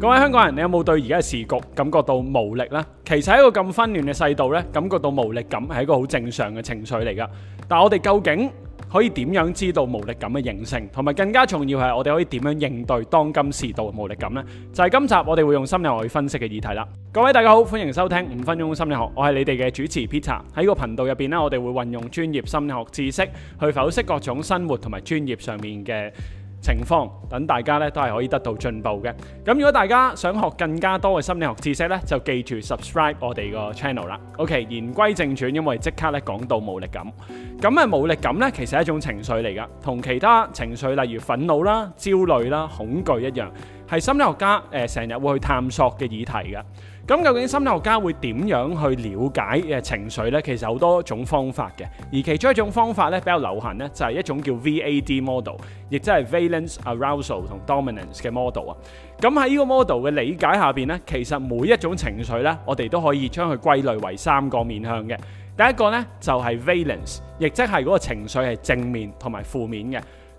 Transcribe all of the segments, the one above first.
各位香港人，你有冇對而家嘅時局感覺到無力呢？其實喺一個咁紛亂嘅世道呢，感覺到無力感係一個好正常嘅情緒嚟噶。但係我哋究竟可以點樣知道無力感嘅形成，同埋更加重要係我哋可以點樣應對當今時代嘅無力感呢？就係今集我哋會用心理學去分析嘅議題啦。各位大家好，歡迎收聽五分鐘心理學，我係你哋嘅主持 Peter。喺個頻道入邊呢，我哋會運用專業心理學知識去剖析各種生活同埋專業上面嘅。情況等大家咧都係可以得到進步嘅。咁如果大家想學更加多嘅心理學知識咧，就記住 subscribe 我哋個 channel 啦。OK，言歸正傳，因為即刻咧講到無力感。咁啊無力感咧其實係一種情緒嚟㗎，同其他情緒例如憤怒啦、焦慮啦、恐懼一樣，係心理學家誒成日會去探索嘅議題㗎。咁究竟心理學家會點樣去了解嘅情緒咧？其實有好多種方法嘅，而其中一種方法咧比較流行咧，就係一種叫 VAD model，亦即係 Valence、Arousal 同 Dominance 嘅 model 啊。咁喺呢個 model 嘅理解下邊咧，其實每一種情緒咧，我哋都可以將佢歸類為三個面向嘅。第一個咧就係 Valence，亦即係嗰個情緒係正面同埋負面嘅。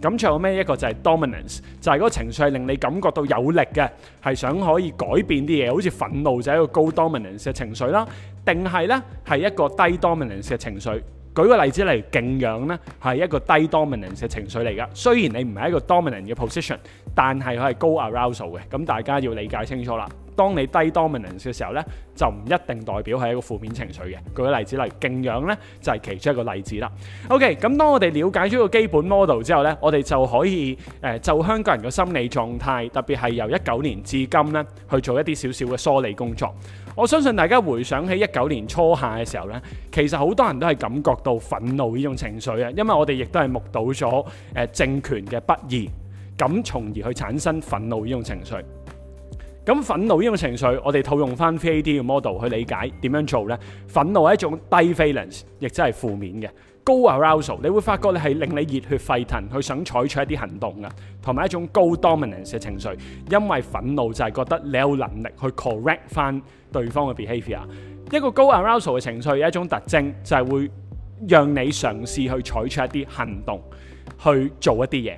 咁仲有咩？一個就係 dominance，就係嗰個情緒係令你感覺到有力嘅，係想可以改變啲嘢，好似憤怒就係一個高 dominance 嘅情緒啦。定係咧係一個低 dominance 嘅情緒。舉個例子嚟，敬仰咧係一個低 dominance 嘅情緒嚟噶。雖然你唔係一個 dominant 嘅 position，但係佢係高 arousal 嘅。咁大家要理解清楚啦。當你低 dominance 嘅時候呢，就唔一定代表係一個負面情緒嘅。舉個例子嚟，例如敬仰呢就係、是、其中一個例子啦。OK，咁當我哋了解咗個基本 model 之後呢，我哋就可以、呃、就香港人嘅心理狀態，特別係由一九年至今呢去做一啲少少嘅梳理工作。我相信大家回想起一九年初夏嘅時候呢，其實好多人都係感覺到憤怒呢種情緒啊，因為我哋亦都係目睹咗、呃、政權嘅不義，咁從而去產生憤怒呢種情緒。咁憤怒呢種情緒，我哋套用翻 VAD 嘅 model 去理解點樣做呢？憤怒係一種低 valence，亦即係負面嘅，高 arousal。你會發覺你係令你熱血沸騰，去想採取一啲行動嘅，同埋一種高 dominance 嘅情緒。因為憤怒就係覺得你有能力去 correct 翻對方嘅 behaviour。一個高 arousal 嘅情緒有一種特徵，就係、是、會讓你嘗試去採取一啲行動，去做一啲嘢。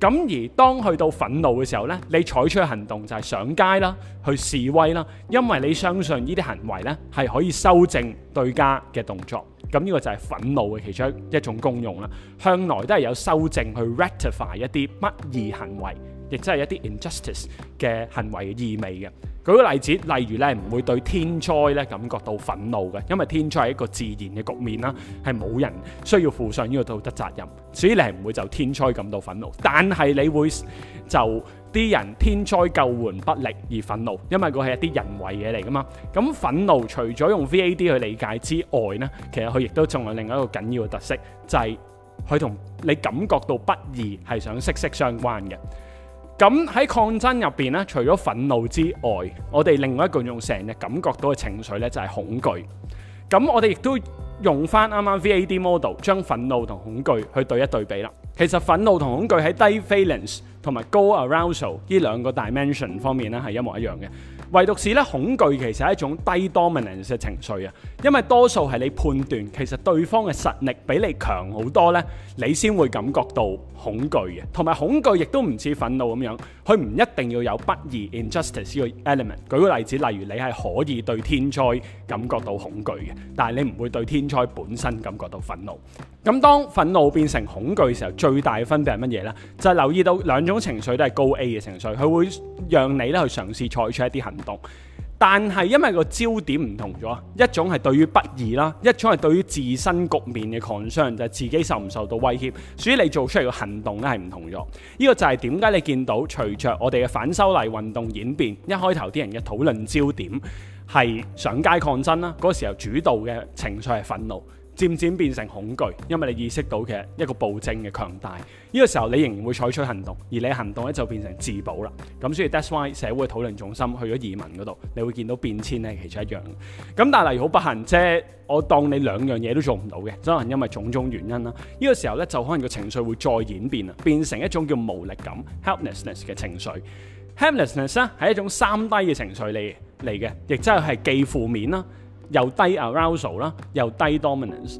咁而當去到憤怒嘅時候呢，你採取行動就係上街啦，去示威啦，因為你相信呢啲行為呢係可以修正對家嘅動作。咁、這、呢個就係憤怒嘅其中一種功用啦。向來都係有修正去 rectify 一啲不義行為。亦真係一啲 injustice 嘅行為嘅意味嘅。舉個例子，例如咧，唔會對天災咧，感覺到憤怒嘅，因為天災係一個自然嘅局面啦，係冇人需要負上呢個道德責任，所以你係唔會就天災感到憤怒。但係你會就啲人天災救援不力而憤怒，因為佢係一啲人為嘢嚟噶嘛。咁憤怒除咗用 VAD 去理解之外咧，其實佢亦都仲有另一個緊要嘅特色，就係佢同你感覺到不義係想息息相關嘅。咁喺抗爭入面，咧，除咗憤怒之外，我哋另外一個用成日感覺到嘅情緒咧就係、是、恐懼。咁我哋亦都用翻啱啱 VAD model 將憤怒同恐懼去對一對比啦。其實憤怒同恐懼喺低 valence 同埋高 arousal 呢兩個 dimension 方面咧係一模一樣嘅。唯獨是咧，恐懼其實係一種低 dominance 嘅情緒啊，因為多數係你判斷其實對方嘅實力比你強好多咧，你先會感覺到恐懼嘅，同埋恐懼亦都唔似憤怒咁樣，佢唔一定要有不義、injustice 呢個 element。舉個例子，例如你係可以對天災感覺到恐懼嘅，但係你唔會對天災本身感覺到憤怒。咁當憤怒變成恐懼嘅時候，最大嘅分別係乜嘢咧？就係、是、留意到兩種情緒都係高 A 嘅情緒，佢會讓你咧去嘗試採取一啲行。但係因為個焦點唔同咗，一種係對於不義啦，一種係對於自身局面嘅抗爭，就係、是、自己受唔受到威脅，所以你做出嚟嘅行動咧係唔同咗。呢、這個就係點解你見到隨着我哋嘅反修例運動演變，一開頭啲人嘅討論焦點係上街抗爭啦，嗰、那個、時候主導嘅情緒係憤怒。漸漸變成恐懼，因為你意識到其實一個暴政嘅強大。呢個時候你仍然會採取行動，而你的行動咧就變成自保啦。咁所以 that’s why 社會嘅討論重心去咗移民嗰度，你會見到變遷咧其實一樣。咁但係例如好不幸即我當你兩樣嘢都做唔到嘅，可能因為種種原因啦。呢個時候咧就可能個情緒會再演變啊，變成一種叫無力感 （helplessness） 嘅情緒。helplessness 咧係一種三低嘅情緒嚟嚟嘅，亦即係係既負面啦，又低 arousal 啦，又低 dominance，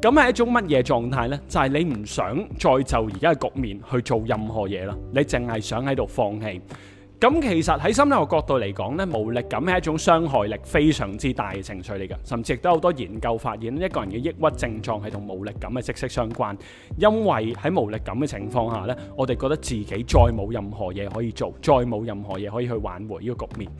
咁係一種乜嘢狀態呢？就係你唔想再就而家嘅局面去做任何嘢啦，你淨係想喺度放棄。咁其實喺心理學角度嚟講咧，無力感係一種傷害力非常之大嘅情緒嚟㗎，甚至亦都好多研究發現，一個人嘅抑鬱症狀係同無力感係息息相關。因為喺無力感嘅情況下咧，我哋覺得自己再冇任何嘢可以做，再冇任何嘢可以去挽回呢個局面。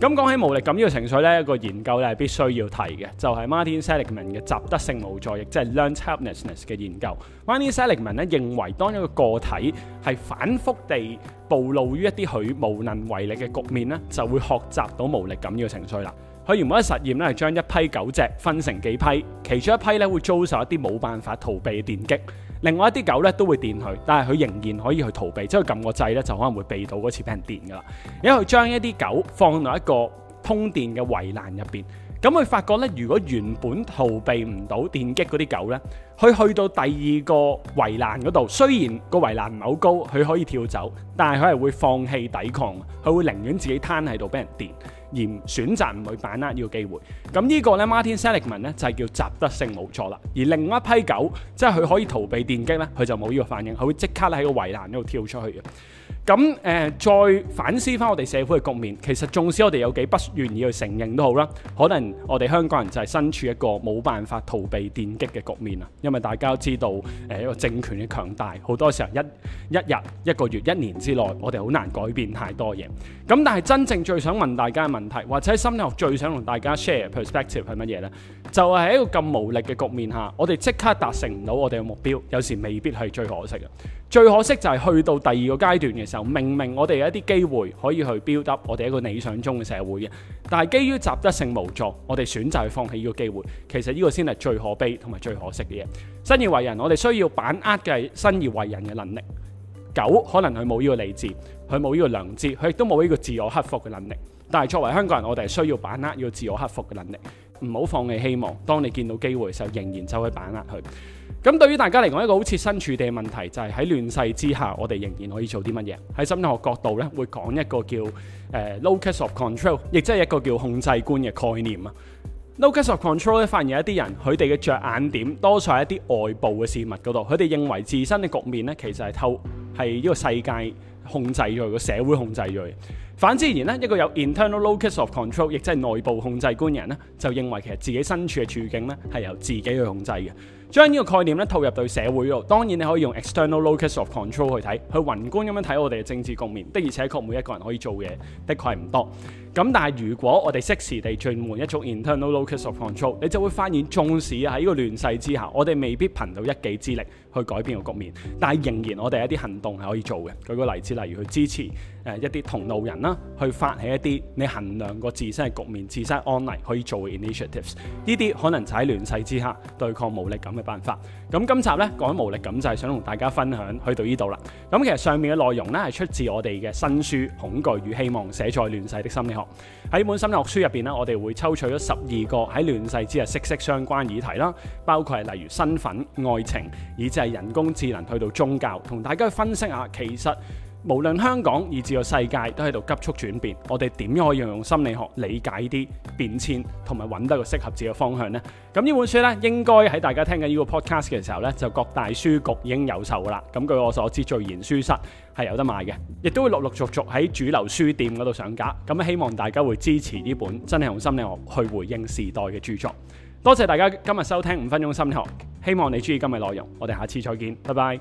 咁講起無力感呢個情緒咧，一個研究咧係必須要提嘅，就係 Martin Seligman 嘅習得性無助，亦即係 learned helplessness 嘅研究。Martin Seligman 咧認為，當一個個體係反覆地暴露於一啲佢無能為力嘅局面咧，就會學習到無力感呢個程序啦。佢原本嘅實驗咧係將一批狗隻分成幾批，其中一批咧會遭受一啲冇辦法逃避電擊，另外一啲狗咧都會電佢，但係佢仍然可以去逃避，即係撳個掣咧就可能會避到嗰次俾人電㗎啦。因為佢將一啲狗放到一個通電嘅圍欄入邊。咁佢發覺咧，如果原本逃避唔到電擊嗰啲狗咧，佢去到第二個圍欄嗰度，雖然個圍欄唔係好高，佢可以跳走，但係佢係會放棄抵抗，佢會寧願自己攤喺度俾人電，而選擇唔去把握呢個機會。咁呢個咧，Martin Seligman 咧就係叫習得性冇錯啦。而另一批狗，即係佢可以逃避電擊咧，佢就冇呢個反應，佢會即刻喺個圍欄度跳出去嘅。咁誒，再反思翻我哋社會嘅局面，其實縱使我哋有幾不願意去承認都好啦，可能我哋香港人就係身處一個冇辦法逃避電擊嘅局面啊！因為大家都知道誒，一個政權嘅強大，好多時候一一日、一個月、一年之內，我哋好難改變太多嘢。咁但係真正最想問大家嘅問題，或者心理學最想同大家 share perspective 係乜嘢呢？就係喺一個咁無力嘅局面下，我哋即刻達成唔到我哋嘅目標，有時未必係最可惜嘅。最可惜就係去到第二個階段嘅時候，明明我哋有一啲機會可以去 build up 我哋一個理想中嘅社會嘅，但係基於習得性無助，我哋選擇去放棄呢個機會，其實呢個先係最可悲同埋最可惜嘅嘢。身而為人，我哋需要把握嘅係身而為人嘅能力。狗可能佢冇呢個理智，佢冇呢個良知，佢亦都冇呢個自我克服嘅能力。但係作為香港人，我哋係需要把握要自我克服嘅能力。唔好放棄希望。當你見到機會嘅時候，就仍然就可以把握佢。咁對於大家嚟講，一個好切身處地嘅問題就係喺亂世之下，我哋仍然可以做啲乜嘢？喺心理學角度咧，會講一個叫誒、呃、locus of control，亦即係一個叫控制觀嘅概念啊。locus of control 咧，發現有一啲人佢哋嘅着眼點多數係一啲外部嘅事物嗰度，佢哋認為自身嘅局面咧，其實係透係呢個世界。控制住個社會，控制住。反之而言，一個有 internal locus of control，亦即係內部控制觀人呢，就認為其實自己身處嘅處境咧係由自己去控制嘅。將呢個概念咧套入到社會度，當然你可以用 external locus of control 去睇，去宏觀咁樣睇我哋嘅政治局面。的而且確，每一個人可以做嘅，的確係唔多。咁但係如果我哋適時地轉換一種 internal locus of control，你就會發現，縱使喺呢個亂世之下，我哋未必憑到一己之力去改變個局面。但係仍然我哋一啲行動係可以做嘅。舉個例子，例如去支持誒一啲同路人啦，去發起一啲你衡量個自身嘅局面、自身安危可以做 initiatives。呢啲可能就喺亂世之下對抗無力感嘅辦法。咁今集呢，講緊無力感，就係想同大家分享去到呢度啦。咁其實上面嘅內容呢，係出自我哋嘅新書《恐懼與希望：寫在亂世的心理學喺本《心理學書》入邊咧，我哋會抽取咗十二個喺亂世之日息息相關議題啦，包括係例如身份、愛情，以至係人工智能，去到宗教，同大家分析下其實。無論香港以至個世界都喺度急速轉變，我哋點樣可以用心理學理解啲變遷，同埋揾得個適合自己嘅方向呢？咁呢本書呢，應該喺大家聽緊呢個 podcast 嘅時候呢，就各大書局已經有售噶啦。咁據我所知，最然書室係有得賣嘅，亦都會陸陸續續喺主流書店嗰度上架。咁希望大家會支持呢本真係用心理學去回應時代嘅著作。多謝大家今日收聽五分鐘心理學，希望你中意今日內容，我哋下次再見，拜拜。